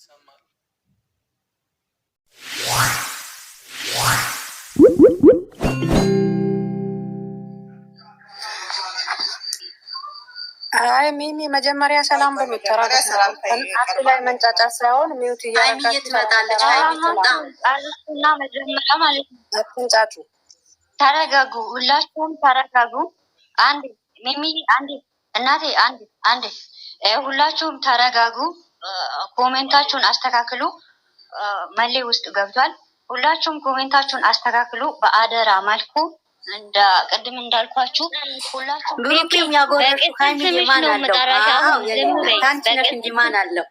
ይሰማል። አይ ሚሚ መጀመሪያ ሰላም በሚጠራል ላይ መንጫጫት ሳይሆን ሚዩት እያረጋችሁና መጀመሪያ ማለት ነው። አትንጫጩ፣ ተረጋጉ፣ ሁላችሁም ተረጋጉ። አንዴ ሚሚ፣ አንዴ እናቴ፣ አንዴ አንዴ፣ ሁላችሁም ተረጋጉ። ኮሜንታችሁን አስተካክሉ። መሌ ውስጥ ገብቷል። ሁላችሁም ኮሜንታችሁን አስተካክሉ። በአደራ መልኩ እንደ ቅድም እንዳልኳችሁ ሁላችሁም ብሩኬም ያጎረሹ ማን አለው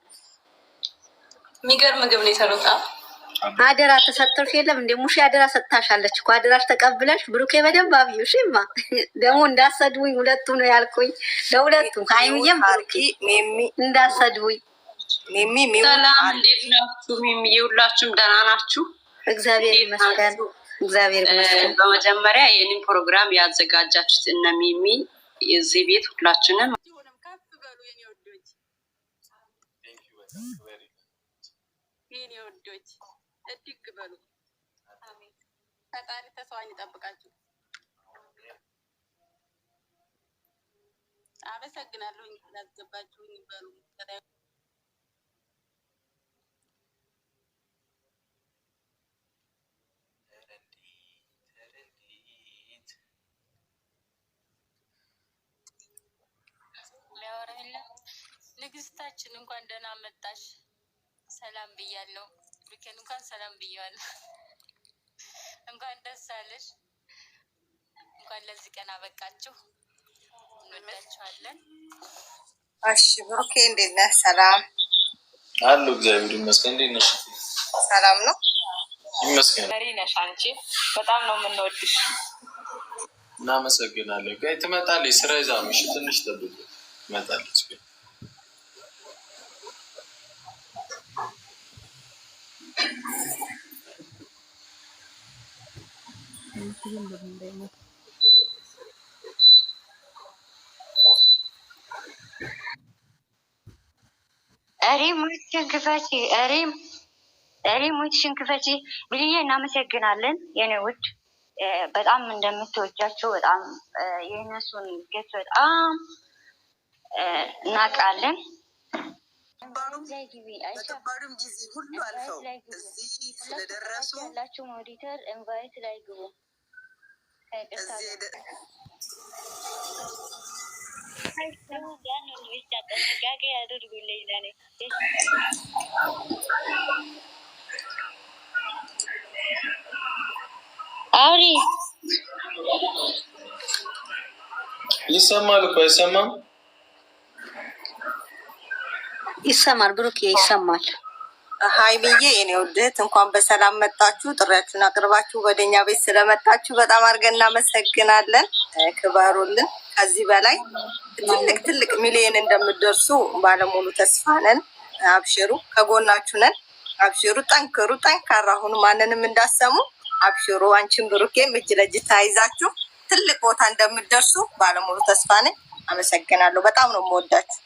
የሚገርም ምግብ ነው የተሩታ አደራ ተሰጥቶሽ የለም እንደ ሙሽ አደራ ሰጥታሻለች እኮ አደራሽ ተቀብለሽ ብሩኬ በደንብ አብዩ። ሽማ ደግሞ እንዳሰድቡኝ ሁለቱ ነው ያልኩኝ፣ ለሁለቱ ከአይምዬም ብሩኬ እንዳሰድቡኝ ሰላም እንዴት ናችሁ? ሚሚዬ ሁላችሁም ደህና ናችሁ? እግዚአብሔር ይመስገን። እግዚአብሔር በመጀመሪያ ይህንን ፕሮግራም ያዘጋጃችሁት እነ ሚሚ እዚህ ቤት ሁላችንም የኔ አመሰግናለሁ ላስገባችሁኝ በሉ ንግስታችን እንኳን ደህና መጣሽ። ሰላም ብያለሁ። ብሩኬን እንኳን ሰላም ብያለሁ። እንኳን ደስ አለሽ። እንኳን ለዚህ ቀን አበቃችሁ። እንወዳችኋለን። እሺ ብሩኬ እንዴት ነህ? ሰላም አሉ። እግዚአብሔር ይመስገን። እንዴት ነሽ? ሰላም ነው ይመስገን። መሪ ነሽ አንቺ። በጣም ነው የምንወድሽ። እናመሰግናለን። ትመጣለች። ስራ ይዛ ምሽ ትንሽ ጠብቁ። ትመጣለች ግን ምስሉን ክፈቺ ሪ ክፈቺ ብልዬ እናመሰግናለን። የኔ ውድ በጣም እንደምትወጃቸው በጣም የእነሱን ገት በጣም እናውቃለን። ከባዱም ጊዜ ሁሉ አልፈው እዚህ ስለደረሱ ያላችሁ ሞዲተር ኢንቫይት ላይ ግቡ። አውሪ ይሰማል እኮ አይሰማም? ይሰማል ብሩክ ይሰማል። ሀይሚዬ የኔ ውድት እንኳን በሰላም መጣችሁ። ጥሪያችሁን አቅርባችሁ ወደኛ ቤት ስለመጣችሁ በጣም አድርገን እናመሰግናለን። ክበሩልን። ከዚህ በላይ ትልቅ ትልቅ ሚሊዮን እንደምደርሱ ባለሙሉ ተስፋ ነን። አብሽሩ፣ ከጎናችሁ ነን። አብሽሩ፣ ጠንክሩ፣ ጠንካራ ሁኑ። ማንንም እንዳሰሙ አብሽሩ። አንቺን ብሩኬም እጅ ለእጅ ተያይዛችሁ ትልቅ ቦታ እንደምደርሱ ባለሙሉ ተስፋ ነን። አመሰግናለሁ። በጣም ነው የምወዳችሁ።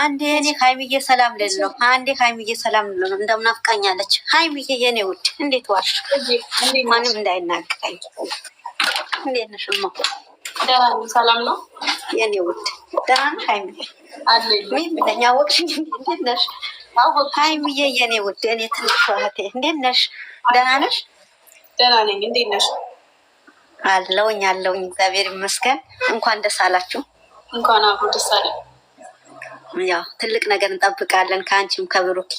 አንዴ እኔ ሀይሚዬ ሰላም ልል ነው። አንዴ ሀይሚዬ ሰላም ልል ነው። እንደምናፍቃኛለች ሀይሚዬ የኔ ውድ፣ እንዴት ዋልሽ? ማንም እንዳይናገረኝ። እንዴት ነሽ? ሰላም ነው የኔ ውድ፣ ደህና ነሽ? ሀይሚዬ ምን ብለኛ እንዴት ነሽ ሀይሚዬ የኔ ውድ፣ እኔ ትንሽ እህቴ፣ እንዴት ነሽ? ደህና ነሽ? ደህና ነኝ። እንዴት ነሽ? አለውኝ አለውኝ እግዚአብሔር ይመስገን። እንኳን ደስ አላችሁ። እንኳን አብሮ ደስ አለ። ያው ትልቅ ነገር እንጠብቃለን ከአንቺም ከብሩክዬ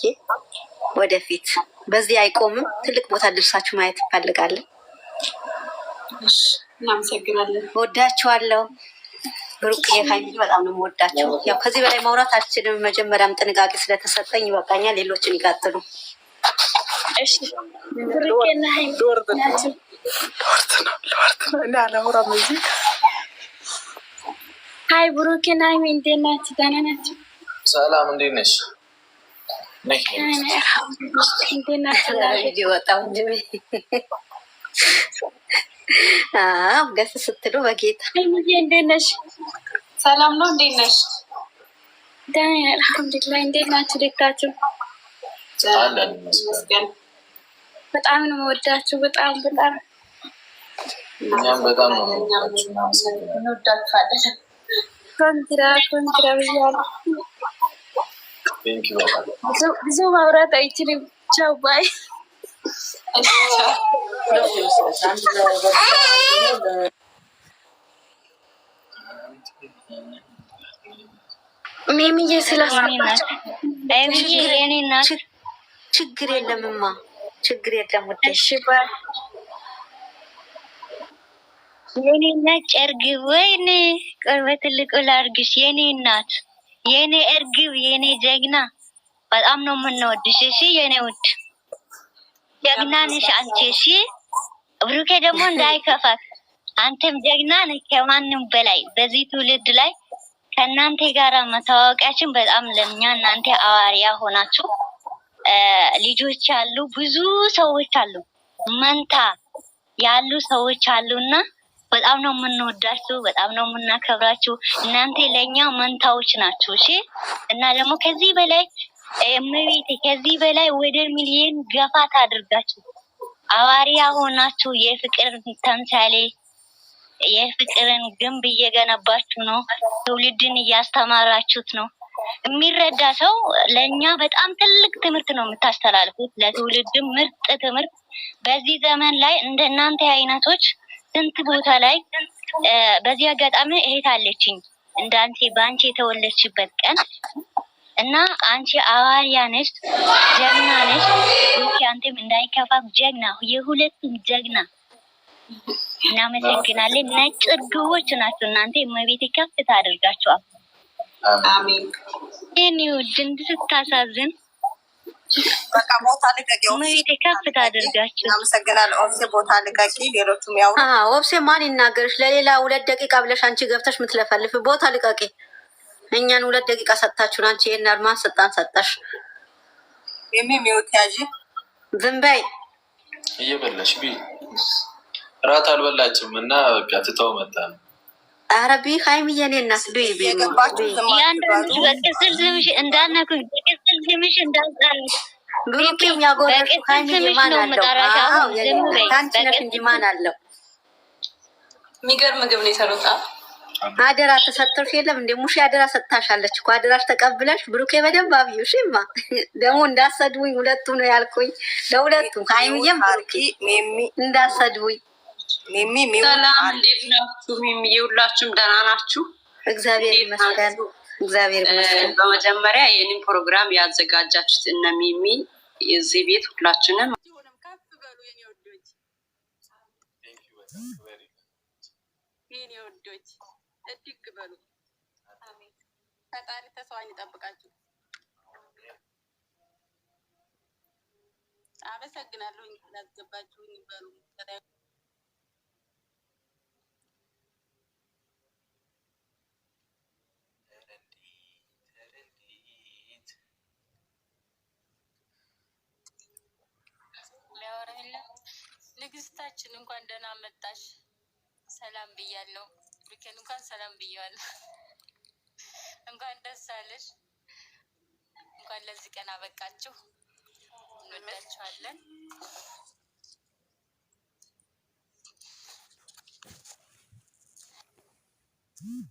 ወደፊት። በዚህ አይቆምም፣ ትልቅ ቦታ ደርሳችሁ ማየት እንፈልጋለን። እናመሰግናለን። ወዳችኋለሁ። ብሩክዬ ፋሚሊ በጣም ነው የምወዳቸው። ያው ከዚህ በላይ ማውራት አልችልም። መጀመሪያም ጥንቃቄ ስለተሰጠኝ ይበቃኛል። ሌሎችን ይቀጥሉ። ሀይ ብሩኬና ሀይሚ እንዴት ናችሁ? ደህና ናችሁ? ሰላም እንዴት ነሽ? ገስ ስትሉ በጌታ እንዴት ነሽ? ሰላም ነው። እንዴት ነሽ? ደህና አልሐምዱሊላህ። እንዴት ናችሁ? ደታችሁ በጣም ነው የምወዳችሁ። በጣም በጣም እኛም በጣም ነው እንወዳችኋለን። ኮንትራ ኮንትራ ብያለሁ። ብዙ ማውራት አይችልም። ቻው ባይ ሚሚዬ ስላሳባቸው ችግር የለምማ ችግር የለም ውዴ። እሺ የኔ ነጭ እርግብ ወይኔ ቆርበ ትልቁ ላርግሽ የኔ እናት፣ የኔ እርግብ፣ የኔ ጀግና፣ በጣም ነው የምንወድሽ። እሺ የኔ ውድ ጀግና ነሽ አንቺ። እሺ ብሩኬ ደግሞ እንዳይከፋት፣ አንተም ጀግና ነህ ከማንም በላይ በዚህ ትውልድ ላይ ከእናንተ ጋራ መታወቂያችን በጣም ለእኛ እናንተ አዋሪያ ሆናችሁ ልጆች አሉ፣ ብዙ ሰዎች አሉ፣ መንታ ያሉ ሰዎች አሉ እና በጣም ነው የምንወዳችሁ፣ በጣም ነው የምናከብራችሁ። እናንተ ለእኛ መንታዎች ናችሁ። እሺ እና ደግሞ ከዚህ በላይ እመቤቴ ከዚህ በላይ ወደ ሚሊየን ገፋ ታድርጋችሁ። አዋሪያ ሆናችሁ የፍቅር ተምሳሌ የፍቅርን ግንብ እየገነባችሁ ነው። ትውልድን እያስተማራችሁት ነው። የሚረዳ ሰው ለእኛ በጣም ትልቅ ትምህርት ነው የምታስተላልፉት፣ ለትውልድም ምርጥ ትምህርት። በዚህ ዘመን ላይ እንደ እናንተ አይነቶች ስንት ቦታ ላይ በዚህ አጋጣሚ እህት አለችኝ አንቺ በአንቺ የተወለችበት ቀን እና አንቺ አዋርያ ነሽ፣ ጀግና ነሽ። ውኪ እንዳይከፋፍ ጀግና፣ የሁለቱም ጀግና እናመሰግናለን። ነጭ እርግቦች ናቸው እናንተ መቤት ከፍት አድርጋችኋል። ይህን ውድ ስታሳዝን በቃ ቦታ ልቀቂ። ከፍ ታደርጋቸው። አመሰግናለሁ። ቦታ ልቀቂ። ሌሎቹም ያው ማን ይናገርሽ? ለሌላ ሁለት ደቂቃ ብለሽ አንቺ ገብተሽ የምትለፈልፍ ቦታ ልቀቂ። እኛን ሁለት ደቂቃ ሰጥታችሁን፣ አንቺ ይህን ስልጣን ሰጠሽ። ያዥ ዝም በይ። እየበላሽ ራት አልበላችም እና በቃ ትተው መጣ ነው አረቢ ሀይሚ የኔ እናት ዱይ ምግብ ነው አደራ ተሰጥቶሽ የለም እንደ ሙሽ አደራ ሰጥታሻለች እኮ አደራሽ ተቀብለሽ ብሩኬ በደንብ አብዩ። ሽማ ደግሞ እንዳሰድቡኝ ሁለቱ ነው ያልኩኝ፣ ለሁለቱ ሀይሚዬም ብሩኬ እንዳሰድቡኝ ሰላም እንዴት ናችሁ? ደህና ናችሁ? እግዚአብሔር ይመስገን። እግዚአብሔር በመጀመሪያ ይህንን ፕሮግራም ያዘጋጃችሁት እነ ሚሚ የዚህ ቤት ሁላችንም የኔ ወዶች እድግ ይጠብቃችሁ። አመሰግናለሁ ንግስታችን እንኳን ደህና መጣሽ። ሰላም ብያለሁ። ብሩኬን እንኳን ሰላም ብያለሁ። እንኳን ደስ አለሽ። እንኳን ለዚህ ቀን አበቃችሁ። እንወዳችኋለን።